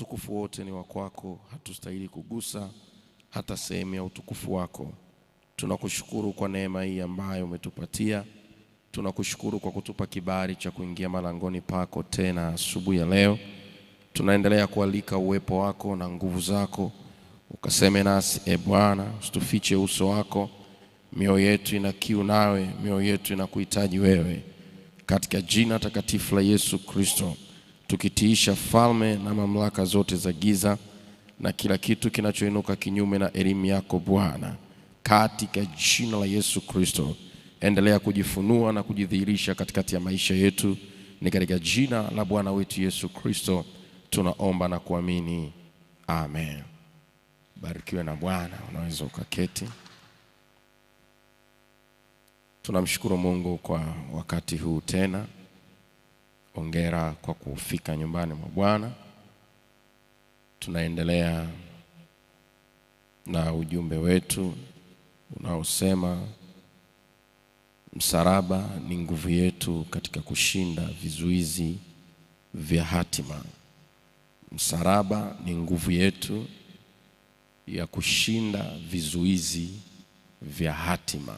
utukufu wote ni wa kwako, hatustahili kugusa hata sehemu ya utukufu wako. Tunakushukuru kwa neema hii ambayo umetupatia. Tunakushukuru kwa kutupa kibali cha kuingia malangoni pako tena asubuhi ya leo. Tunaendelea kualika uwepo wako na nguvu zako, ukaseme nasi e Bwana, usitufiche uso wako. Mioyo yetu ina kiu nawe, mioyo yetu inakuhitaji wewe, katika jina takatifu la Yesu Kristo tukitiisha falme na mamlaka zote za giza na kila kitu kinachoinuka kinyume na elimu yako Bwana, katika jina la Yesu Kristo. Endelea kujifunua na kujidhihirisha katikati ya maisha yetu, ni katika jina la Bwana wetu Yesu Kristo tunaomba na kuamini, amen. Barikiwe na Bwana. Unaweza ukaketi. Tunamshukuru Mungu kwa wakati huu tena ongera kwa kufika nyumbani mwa Bwana. Tunaendelea na ujumbe wetu unaosema msalaba ni nguvu yetu katika kushinda vizuizi vya hatima. Msalaba ni nguvu yetu ya kushinda vizuizi vya hatima.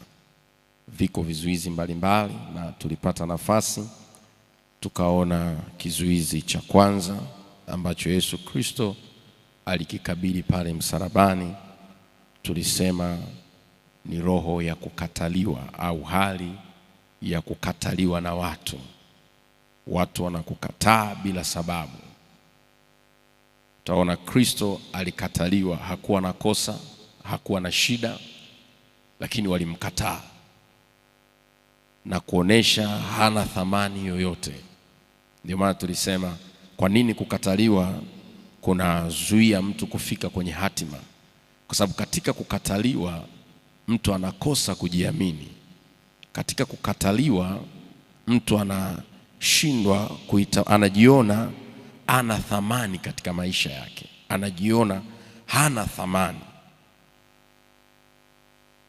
Viko vizuizi mbalimbali mbali, na tulipata nafasi tukaona kizuizi cha kwanza ambacho Yesu Kristo alikikabili pale msalabani, tulisema ni roho ya kukataliwa au hali ya kukataliwa na watu. Watu wanakukataa bila sababu. Utaona Kristo alikataliwa, hakuwa na kosa, hakuwa na shida, lakini walimkataa na kuonesha hana thamani yoyote. Ndio maana tulisema kwa nini kukataliwa kunazuia mtu kufika kwenye hatima, kwa sababu katika kukataliwa mtu anakosa kujiamini. Katika kukataliwa mtu anashindwa kuita, anajiona ana thamani katika maisha yake, anajiona hana thamani.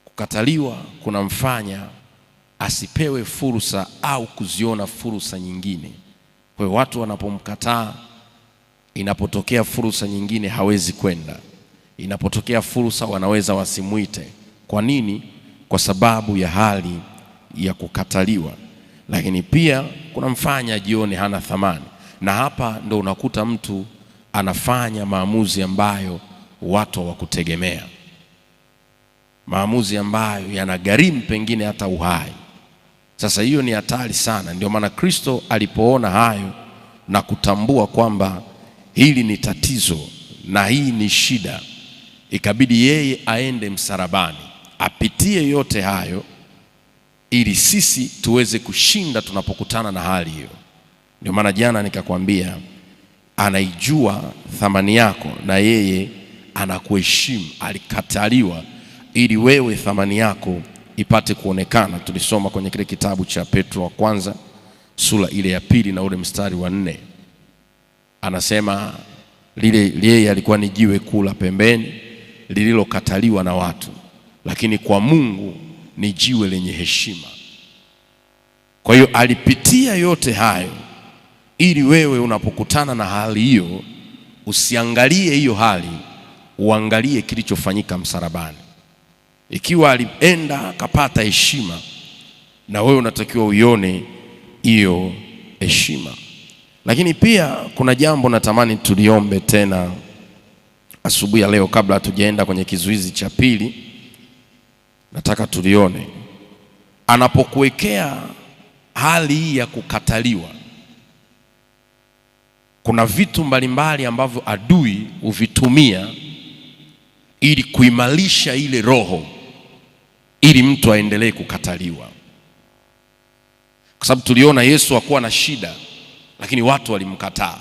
Kukataliwa kunamfanya asipewe fursa au kuziona fursa nyingine. Kwa watu wanapomkataa, inapotokea fursa nyingine hawezi kwenda, inapotokea fursa wanaweza wasimwite. Kwa nini? Kwa sababu ya hali ya kukataliwa, lakini pia kunamfanya jione hana thamani, na hapa ndo unakuta mtu anafanya maamuzi ambayo watu hawakutegemea, maamuzi ambayo yanagharimu pengine hata uhai. Sasa hiyo ni hatari sana. Ndio maana Kristo alipoona hayo na kutambua kwamba hili ni tatizo na hii ni shida, ikabidi yeye aende msalabani, apitie yote hayo ili sisi tuweze kushinda tunapokutana na hali hiyo. Ndio maana jana nikakwambia anaijua thamani yako na yeye anakuheshimu. Alikataliwa ili wewe thamani yako ipate kuonekana. Tulisoma kwenye kile kitabu cha Petro wa kwanza sura ile ya pili na ule mstari wa nne anasema lile yeye alikuwa ni jiwe kuu la pembeni lililokataliwa na watu, lakini kwa Mungu ni jiwe lenye heshima. Kwa hiyo alipitia yote hayo ili wewe unapokutana na hali hiyo usiangalie hiyo hali, uangalie kilichofanyika msalabani. Ikiwa alienda akapata heshima, na wewe unatakiwa uione hiyo heshima. Lakini pia kuna jambo natamani tuliombe tena asubuhi ya leo, kabla hatujaenda kwenye kizuizi cha pili, nataka tulione. Anapokuwekea hali ya kukataliwa, kuna vitu mbalimbali ambavyo adui huvitumia ili kuimarisha ile roho ili mtu aendelee kukataliwa, kwa sababu tuliona Yesu hakuwa na shida, lakini watu walimkataa.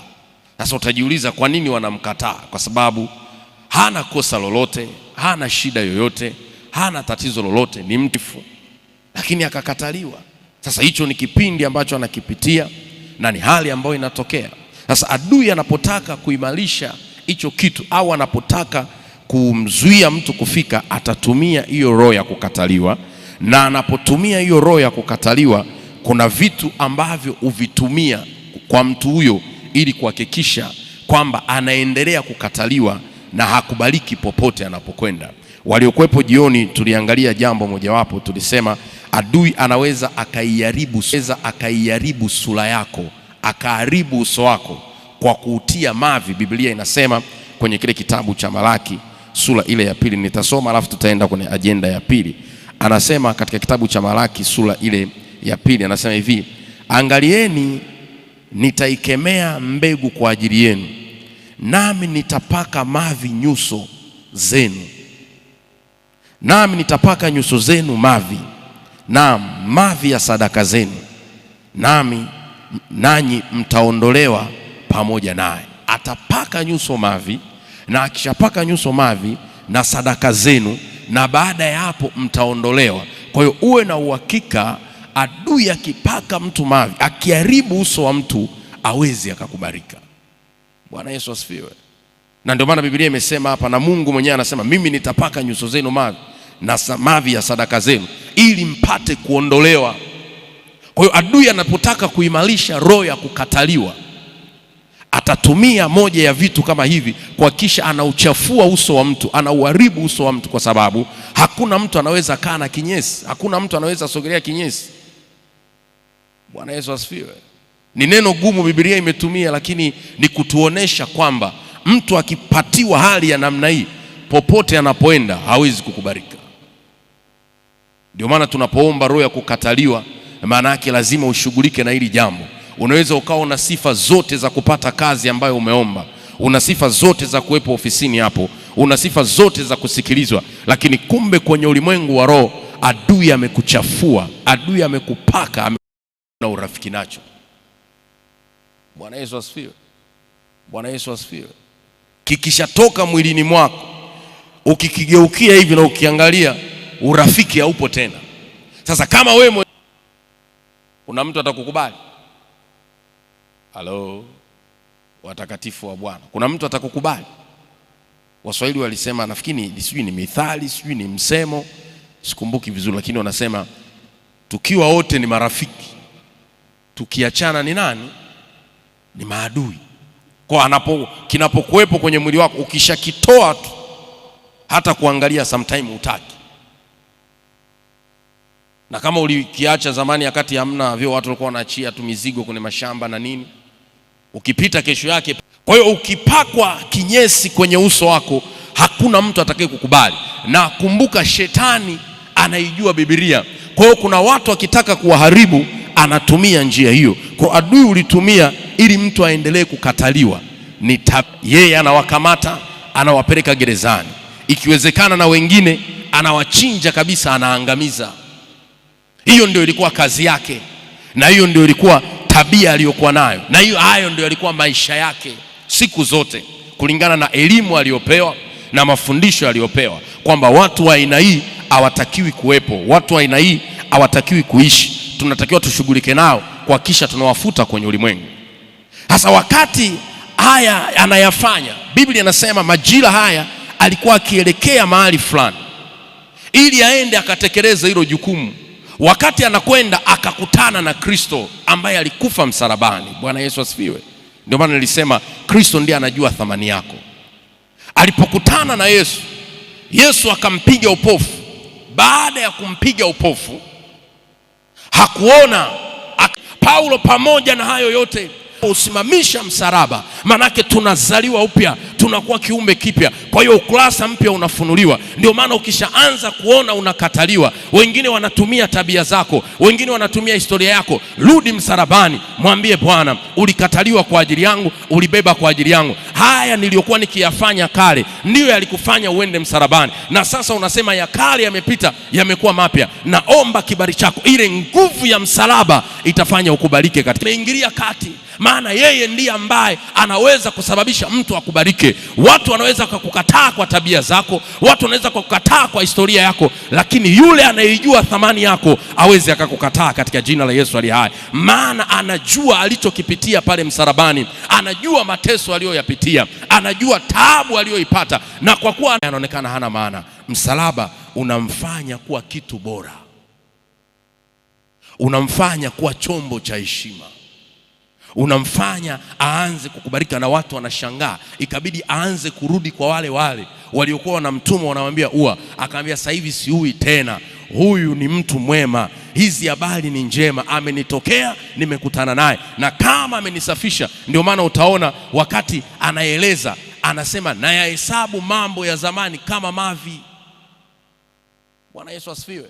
Sasa utajiuliza kwa nini wanamkataa? Kwa sababu hana kosa lolote, hana shida yoyote, hana tatizo lolote, ni mtifu, lakini akakataliwa. Sasa hicho ni kipindi ambacho anakipitia na ni hali ambayo inatokea. Sasa adui anapotaka kuimarisha hicho kitu au anapotaka kumzuia mtu kufika, atatumia hiyo roho ya kukataliwa, na anapotumia hiyo roho ya kukataliwa, kuna vitu ambavyo huvitumia kwa mtu huyo ili kuhakikisha kwamba anaendelea kukataliwa na hakubaliki popote anapokwenda. Waliokuwepo jioni, tuliangalia jambo mojawapo, tulisema adui anaweza akaiharibu akaiharibu sura yako akaharibu uso wako kwa kuutia mavi. Biblia inasema kwenye kile kitabu cha Malaki sura ile ya pili nitasoma, alafu tutaenda kwenye ajenda ya pili. Anasema katika kitabu cha Malaki sura ile ya pili anasema hivi, angalieni, nitaikemea mbegu kwa ajili yenu, nami nitapaka mavi nyuso zenu, nami nitapaka nyuso zenu mavi, na mavi ya sadaka zenu, nami nanyi mtaondolewa pamoja naye. Atapaka nyuso mavi na akishapaka nyuso mavi na sadaka zenu, na baada ya hapo mtaondolewa. Kwa hiyo uwe na uhakika, adui akipaka mtu mavi, akiharibu uso wa mtu, awezi akakubarika. Bwana Yesu asifiwe. Na ndio maana Biblia imesema hapa, na Mungu mwenyewe anasema, mimi nitapaka nyuso zenu mavi na mavi ya sadaka zenu, ili mpate kuondolewa. Kwa hiyo adui anapotaka kuimarisha roho ya kukataliwa atatumia moja ya vitu kama hivi kuhakikisha anauchafua uso wa mtu, anauharibu uso wa mtu, kwa sababu hakuna mtu anaweza kaa na kinyesi, hakuna mtu anaweza sogelea kinyesi. Bwana Yesu asifiwe. Ni neno gumu Biblia imetumia, lakini ni kutuonesha kwamba mtu akipatiwa hali ya namna hii, popote anapoenda hawezi kukubarika. Ndio maana tunapoomba roho ya kukataliwa, maana yake lazima ushughulike na hili jambo Unaweza ukawa una sifa zote za kupata kazi ambayo umeomba, una sifa zote za kuwepo ofisini hapo, una sifa zote za kusikilizwa, lakini kumbe kwenye ulimwengu wa roho adui amekuchafua, adui amekupaka, ame na urafiki nacho. Bwana Yesu asifiwe. Bwana Yesu asifiwe. Kikishatoka mwilini mwako ukikigeukia hivi na ukiangalia, urafiki haupo tena. Sasa kama wewe una mtu atakukubali halo, watakatifu wa Bwana. Kuna mtu atakukubali? Waswahili walisema, nafikiri sijui ni mithali, sijui ni msemo, sikumbuki vizuri, lakini wanasema tukiwa wote ni marafiki, tukiachana ni nani? Ni maadui. Kwa anapo kinapokuwepo kwenye mwili wako, ukishakitoa tu, hata kuangalia sometime utaki na kama ulikiacha zamani, wakati hamna vyo, watu walikuwa wanaachia tu mizigo kwenye mashamba na nini ukipita kesho yake. Kwa hiyo ukipakwa kinyesi kwenye uso wako hakuna mtu atakaye kukubali, na kumbuka, shetani anaijua Biblia. Kwa hiyo kuna watu akitaka kuwaharibu anatumia njia hiyo, kwa adui ulitumia ili mtu aendelee kukataliwa. Ni yeye anawakamata anawapeleka gerezani, ikiwezekana na wengine anawachinja kabisa, anaangamiza. Hiyo ndio ilikuwa kazi yake, na hiyo ndio ilikuwa tabia aliyokuwa nayo, na hiyo hayo ndio yalikuwa maisha yake siku zote, kulingana na elimu aliyopewa na mafundisho aliyopewa, kwamba watu wa aina hii hawatakiwi kuwepo, watu wa aina hii hawatakiwi kuishi, tunatakiwa tushughulike nao kwa kisha tunawafuta kwenye ulimwengu. Hasa wakati haya anayafanya, Biblia inasema majira haya alikuwa akielekea mahali fulani ili aende akatekeleza hilo jukumu wakati anakwenda akakutana na Kristo ambaye alikufa msalabani. Bwana Yesu asifiwe. Ndio maana nilisema Kristo ndiye anajua thamani yako. Alipokutana na Yesu, Yesu akampiga upofu. Baada ya kumpiga upofu hakuona. Paulo, pamoja na hayo yote, usimamisha msalaba, manake tunazaliwa upya tunakuwa kiumbe kipya. Kwa hiyo ukurasa mpya unafunuliwa. Ndio maana ukishaanza kuona unakataliwa, wengine wanatumia tabia zako, wengine wanatumia historia yako, rudi msalabani, mwambie Bwana, ulikataliwa kwa ajili yangu, ulibeba kwa ajili yangu. Haya niliyokuwa nikiyafanya kale ndiyo yalikufanya uende msalabani, na sasa unasema ya kale yamepita, yamekuwa mapya. Naomba kibali chako, ile nguvu ya msalaba itafanya ukubalike katika. Imeingilia kati maana yeye ndiye ambaye anaweza kusababisha mtu akubarike Watu wanaweza kukataa kwa tabia zako, watu wanaweza kukataa kwa historia yako, lakini yule anayejua thamani yako aweze akakukataa katika jina la Yesu aliye hai, maana anajua alichokipitia pale msalabani, anajua mateso aliyoyapitia, anajua taabu aliyoipata, na kwa kuwa anaonekana hana maana, msalaba unamfanya kuwa kitu bora, unamfanya kuwa chombo cha heshima unamfanya aanze kukubalika na watu wanashangaa, ikabidi aanze kurudi kwa wale wale waliokuwa wanamtuma wanamwambia ua, akaambia sasa hivi siui tena, huyu ni mtu mwema, hizi habari ni njema, amenitokea, nimekutana naye na kama amenisafisha. Ndio maana utaona wakati anaeleza anasema, nayahesabu mambo ya zamani kama mavi. Bwana Yesu asifiwe,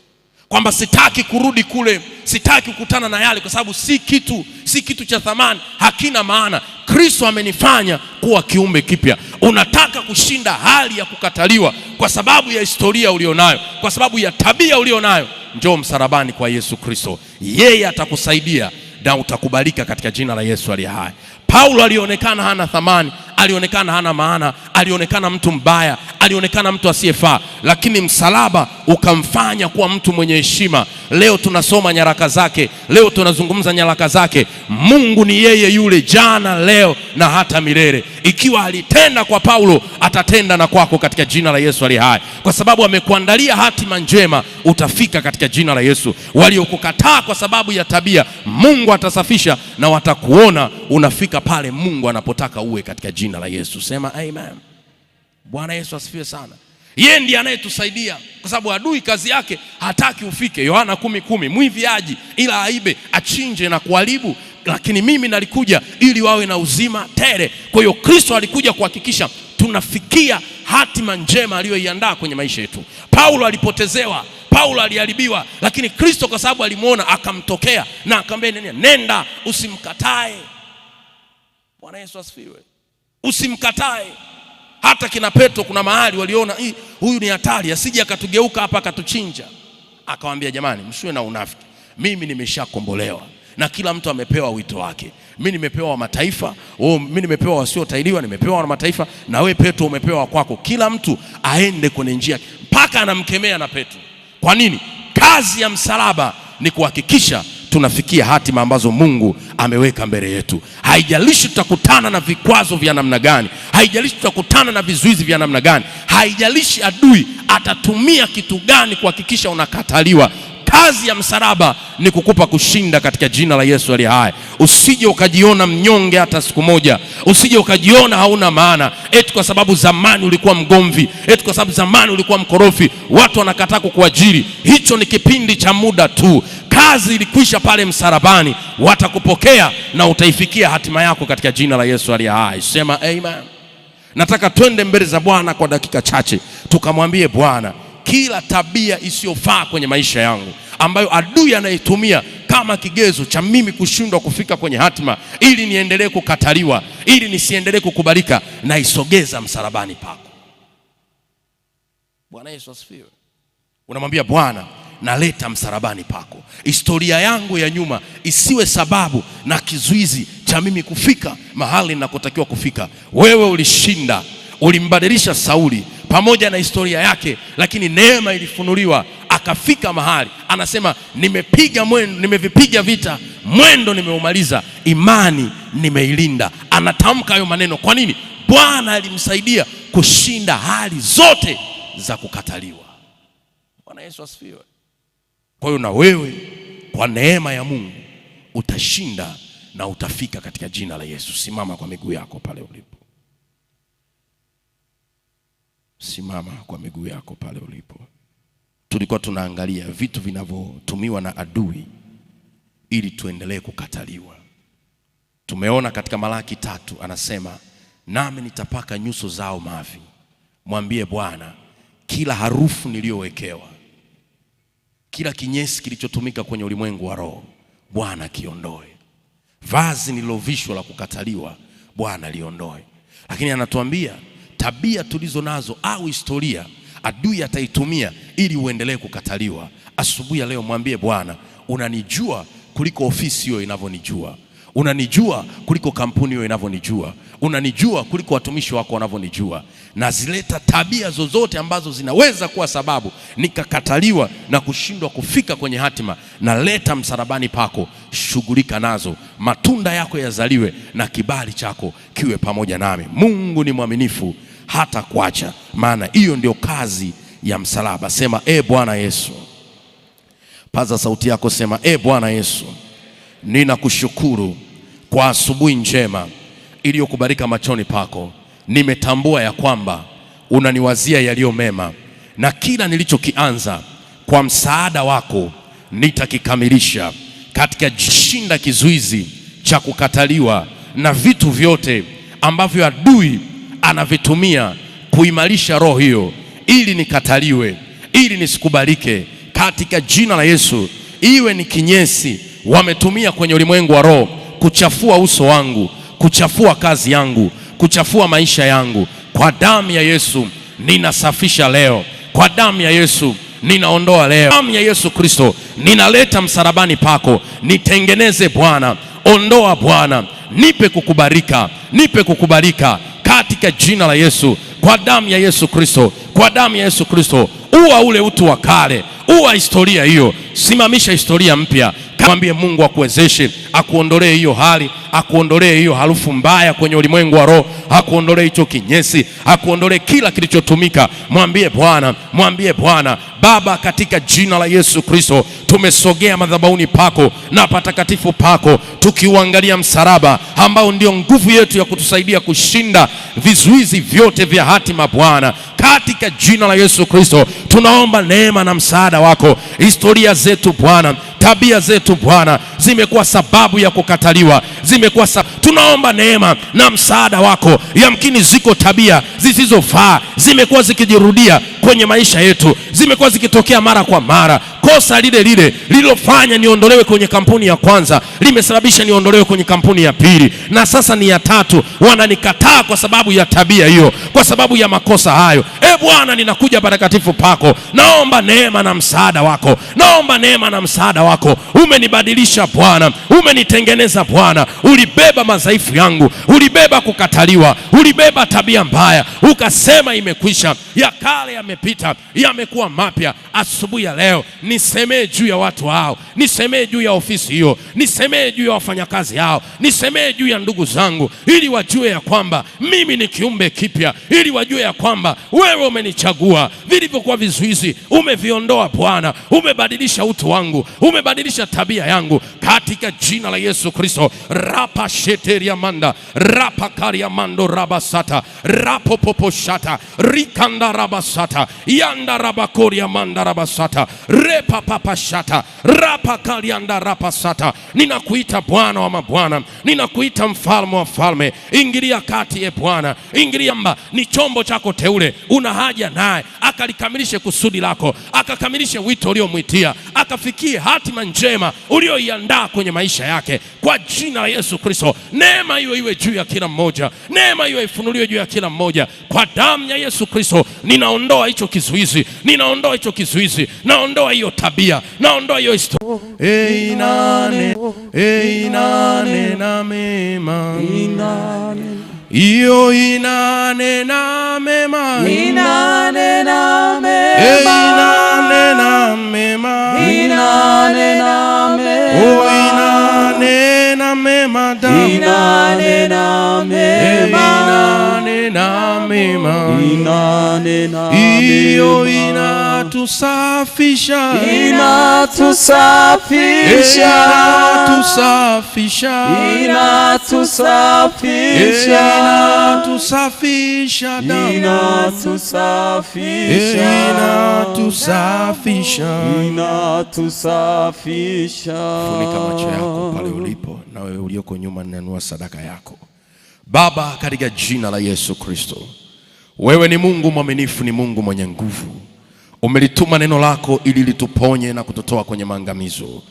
kwamba sitaki kurudi kule, sitaki kukutana na yale, kwa sababu si kitu si kitu cha thamani, hakina maana. Kristo amenifanya kuwa kiumbe kipya. Unataka kushinda hali ya kukataliwa kwa sababu ya historia ulionayo, kwa sababu ya tabia ulionayo, njoo msalabani kwa Yesu Kristo. Yeye atakusaidia na utakubalika katika jina la Yesu aliye hai. Paulo alionekana hana thamani, alionekana hana maana, alionekana mtu mbaya, alionekana mtu asiyefaa, lakini msalaba ukamfanya kuwa mtu mwenye heshima. Leo tunasoma nyaraka zake, leo tunazungumza nyaraka zake. Mungu ni yeye yule jana, leo na hata milele. Ikiwa alitenda kwa Paulo, atatenda na kwako katika jina la Yesu ali hai, kwa sababu amekuandalia hatima njema, utafika katika jina la Yesu. Waliokukataa kwa sababu ya tabia, Mungu atasafisha na watakuona unafika pale Mungu anapotaka uwe katika jina la Yesu. Sema amen. Bwana Yesu asifiwe sana. Yeye ndiye anayetusaidia kwa sababu adui kazi yake hataki ufike. Yohana kumi kumi, mwivi aji ila aibe, achinje na kuharibu, lakini mimi nalikuja ili wawe na uzima tele. Kwa hiyo Kristo alikuja kuhakikisha tunafikia hatima njema aliyoiandaa kwenye maisha yetu. Paulo alipotezewa, Paulo aliharibiwa, lakini Kristo kwa sababu alimwona akamtokea na akamwambia, nenda, usimkatae. Bwana Yesu asifiwe. Usimkatae hata kina Petro, kuna mahali waliona huyu ni hatari, asije akatugeuka hapa akatuchinja. Akawambia, jamani, msiwe na unafiki, mimi nimeshakombolewa na kila mtu amepewa wito wake. Mimi nimepewa wa mataifa, wewe oh, mimi nimepewa wasiotailiwa, nimepewa wa mataifa, na we Petro umepewa kwako. Kila mtu aende kwenye njia, mpaka anamkemea na Petro. Kwa nini? Kazi ya msalaba ni kuhakikisha tunafikia hatima ambazo Mungu ameweka mbele yetu. Haijalishi tutakutana na vikwazo vya namna gani, haijalishi tutakutana na vizuizi vya namna gani, haijalishi adui atatumia kitu gani kuhakikisha unakataliwa kazi ya msalaba ni kukupa kushinda katika jina la Yesu aliye hai. Usije ukajiona mnyonge hata siku moja, usije ukajiona hauna maana, eti kwa sababu zamani ulikuwa mgomvi, eti kwa sababu zamani ulikuwa mkorofi, watu wanakataa kukuajiri. Hicho ni kipindi cha muda tu. Kazi ilikwisha pale msalabani, watakupokea na utaifikia hatima yako katika jina la Yesu aliye hai. Sema amen. Nataka twende mbele za Bwana kwa dakika chache, tukamwambie Bwana kila tabia isiyofaa kwenye maisha yangu ambayo adui anaitumia kama kigezo cha mimi kushindwa kufika kwenye hatima, ili niendelee kukataliwa, ili nisiendelee kukubalika, naisogeza msalabani pako. Bwana Yesu asifiwe. Unamwambia Bwana, naleta msalabani pako. Historia yangu ya nyuma isiwe sababu na kizuizi cha mimi kufika mahali ninakotakiwa kufika. Wewe ulishinda, ulimbadilisha Sauli pamoja na historia yake, lakini neema ilifunuliwa akafika mahali anasema nimepiga mwendo, nimevipiga vita, mwendo nimeumaliza, imani nimeilinda. Anatamka hayo maneno. Kwa nini? Bwana alimsaidia kushinda hali zote za kukataliwa. Bwana Yesu asifiwe. Kwa hiyo na wewe kwa neema ya Mungu utashinda na utafika katika jina la Yesu. Simama kwa miguu yako pale ulipo, simama kwa miguu yako pale ulipo tulikuwa tunaangalia vitu vinavyotumiwa na adui ili tuendelee kukataliwa. Tumeona katika Malaki tatu anasema, nami nitapaka nyuso zao mavi, mwambie Bwana kila harufu niliyowekewa, kila kinyesi kilichotumika kwenye ulimwengu wa roho, Bwana kiondoe. Vazi nililovishwa la kukataliwa, Bwana liondoe. Lakini anatuambia tabia tulizo nazo au historia adui ataitumia ili uendelee kukataliwa. Asubuhi ya leo mwambie Bwana, unanijua kuliko ofisi hiyo inavyonijua, unanijua kuliko kampuni hiyo inavyonijua, unanijua kuliko watumishi wako wanavyonijua. Nazileta tabia zozote ambazo zinaweza kuwa sababu nikakataliwa na kushindwa kufika kwenye hatima, naleta msalabani pako. Shughulika nazo, matunda yako yazaliwe na kibali chako kiwe pamoja nami. Mungu ni mwaminifu hata kuacha, maana hiyo ndio kazi ya msalaba. Sema e Bwana Yesu, paza sauti yako, sema e Bwana Yesu, ninakushukuru kwa asubuhi njema iliyokubarika machoni pako. Nimetambua ya kwamba unaniwazia yaliyo mema, na kila nilichokianza kwa msaada wako nitakikamilisha. Katika jishinda kizuizi cha kukataliwa na vitu vyote ambavyo adui anavitumia kuimarisha roho hiyo, ili nikataliwe, ili nisikubalike, katika jina la Yesu. Iwe ni kinyesi wametumia kwenye ulimwengu wa roho kuchafua uso wangu, kuchafua kazi yangu, kuchafua maisha yangu, kwa damu ya Yesu ninasafisha leo, kwa damu ya Yesu ninaondoa leo, damu ya Yesu Kristo ninaleta msalabani pako, nitengeneze Bwana, ondoa Bwana, nipe kukubalika, nipe kukubalika katika jina la Yesu, kwa damu ya Yesu Kristo, kwa damu ya Yesu Kristo. uwa ule utu wa kale, uwa historia hiyo, simamisha historia mpya. Mwambie Mungu akuwezeshe, akuondolee hiyo hali, akuondolee hiyo harufu mbaya kwenye ulimwengu wa roho, akuondolee hicho kinyesi, akuondolee kila kilichotumika. Mwambie Bwana, mwambie Bwana. Baba, katika jina la Yesu Kristo, tumesogea madhabahuni pako na patakatifu pako, tukiuangalia msalaba ambao ndio nguvu yetu ya kutusaidia kushinda vizuizi vyote vya hatima Bwana katika jina la Yesu Kristo tunaomba neema na msaada wako. Historia zetu Bwana, tabia zetu Bwana, zimekuwa sababu ya kukataliwa, zimekuwa sa... tunaomba neema na msaada wako. Yamkini ziko tabia zisizofaa zimekuwa zikijirudia kwenye maisha yetu, zimekuwa zikitokea mara kwa mara kosa lile lile lililofanya niondolewe kwenye kampuni ya kwanza limesababisha niondolewe kwenye kampuni ya pili, na sasa ni ya tatu. Wananikataa kwa sababu ya tabia hiyo, kwa sababu ya makosa hayo. E Bwana, ninakuja patakatifu pako, naomba neema na msaada wako, naomba neema na msaada wako. Umenibadilisha Bwana, umenitengeneza Bwana. Ulibeba madhaifu yangu, ulibeba kukataliwa, ulibeba tabia mbaya, ukasema imekwisha, ya kale yamepita, yamekuwa mapya. Asubuhi ya leo ni nisemee juu ya watu hao, nisemee juu ya ofisi hiyo, nisemee juu ya wafanyakazi hao, nisemee juu ya ndugu zangu, ili wajue ya kwamba mimi ni kiumbe kipya, ili wajue ya kwamba wewe umenichagua. Vilivyokuwa vizuizi umeviondoa Bwana, umebadilisha utu wangu, umebadilisha tabia yangu, katika jina la Yesu Kristo. rapa sheteria manda rapa karia mando rabasata rapo popo shata rikanda rabasata yanda rabakoria manda rabasata Re repapapashata rapa kalianda rapa sata. Ninakuita Bwana wa mabwana, ninakuita mfalme wa falme. Ingilia kati, ye Bwana, ingilia mba. Ni chombo chako teule, una haja naye akalikamilishe kusudi lako, akakamilishe wito uliomwitia, akafikie hatima njema ulioiandaa kwenye maisha yake, kwa jina la Yesu Kristo. Neema hiyo iwe juu ya kila mmoja, neema hiyo ifunuliwe juu ya kila mmoja kwa damu ya Yesu Kristo. Ninaondoa hicho kizuizi, ninaondoa hicho kizuizi, naondoa hiyo tabia, naondoa hiyo historia. Inane, inane na mema, inane na mema inane na mema, inane na mema, inane na mema inane na mema inane na mema inane na mema inane na mema inatusafisha inatusafisha inatusafisha inatusafisha inatusafisha inatusafisha inatusafisha inatusafisha. Funika macho yako pale ulipo, na wewe ulioko nyuma, nanua sadaka yako Baba, katika jina la Yesu Kristo. Wewe ni Mungu mwaminifu, ni Mungu mwenye nguvu Umelituma neno lako ili lituponye na kutotoa kwenye maangamizo.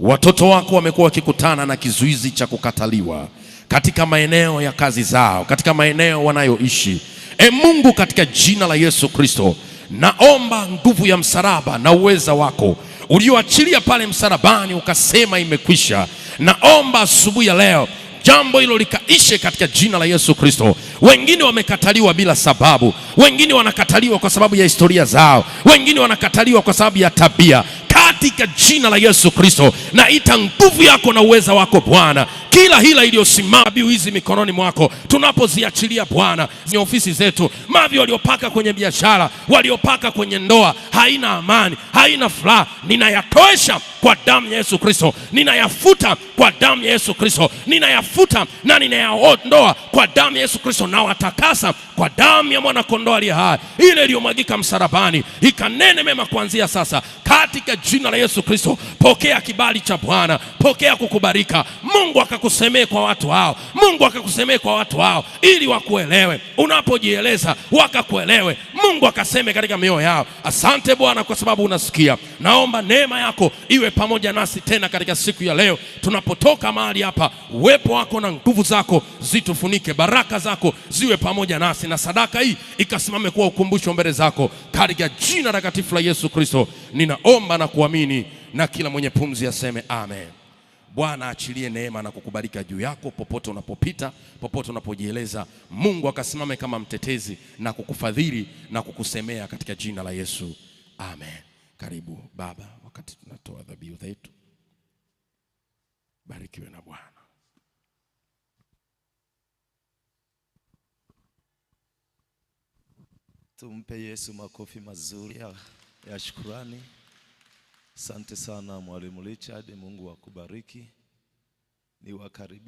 Watoto wako wamekuwa wakikutana na kizuizi cha kukataliwa katika maeneo ya kazi zao, katika maeneo wanayoishi. E Mungu, katika jina la Yesu Kristo, naomba nguvu ya msalaba na uweza wako ulioachilia pale msalabani ukasema imekwisha. Naomba asubuhi ya leo jambo hilo likaishe katika jina la Yesu Kristo. Wengine wamekataliwa bila sababu, wengine wanakataliwa kwa sababu ya historia zao, wengine wanakataliwa kwa sababu ya tabia, katika jina la Yesu Kristo. Naita nguvu yako na uweza wako Bwana, kila hila iliyosimama biu hizi mikononi mwako tunapoziachilia Bwana, ni ofisi zetu, mavi waliopaka kwenye biashara, waliopaka kwenye ndoa, haina amani, haina furaha, ninayatoesha kwa damu ya Yesu Kristo, ninayafuta kwa damu ya Yesu Kristo, ninayafuta na ninayaondoa kwa damu ya Yesu Kristo, na watakasa kwa damu ya mwana kondoo aliye hai, ile iliyomwagika msalabani. Ikanene mema kuanzia sasa, katika jina la Yesu Kristo. Pokea kibali cha Bwana, pokea kukubarika. Mungu akakusemee kwa watu hao, Mungu akakusemee kwa watu hao, ili wakuelewe unapojieleza, wakakuelewe. Mungu akaseme katika mioyo yao. Asante Bwana kwa sababu unasikia. Naomba neema yako iwe pamoja nasi tena katika siku ya leo. Tunapotoka mahali hapa, uwepo wako na nguvu zako zitufunike, baraka zako ziwe pamoja nasi, na sadaka hii ikasimame kuwa ukumbusho mbele zako, katika jina takatifu la Yesu Kristo ninaomba na kuamini, na kila mwenye pumzi aseme amen. Bwana achilie neema na kukubalika juu yako popote unapopita, popote unapojieleza. Mungu akasimame kama mtetezi na kukufadhili na kukusemea katika jina la Yesu, amen. Karibu baba wakati tunatoa dhabihu zetu. Barikiwe na Bwana. Tumpe Yesu makofi mazuri ya, ya shukurani. Asante sana Mwalimu Richard, Mungu akubariki. Niwakaribisha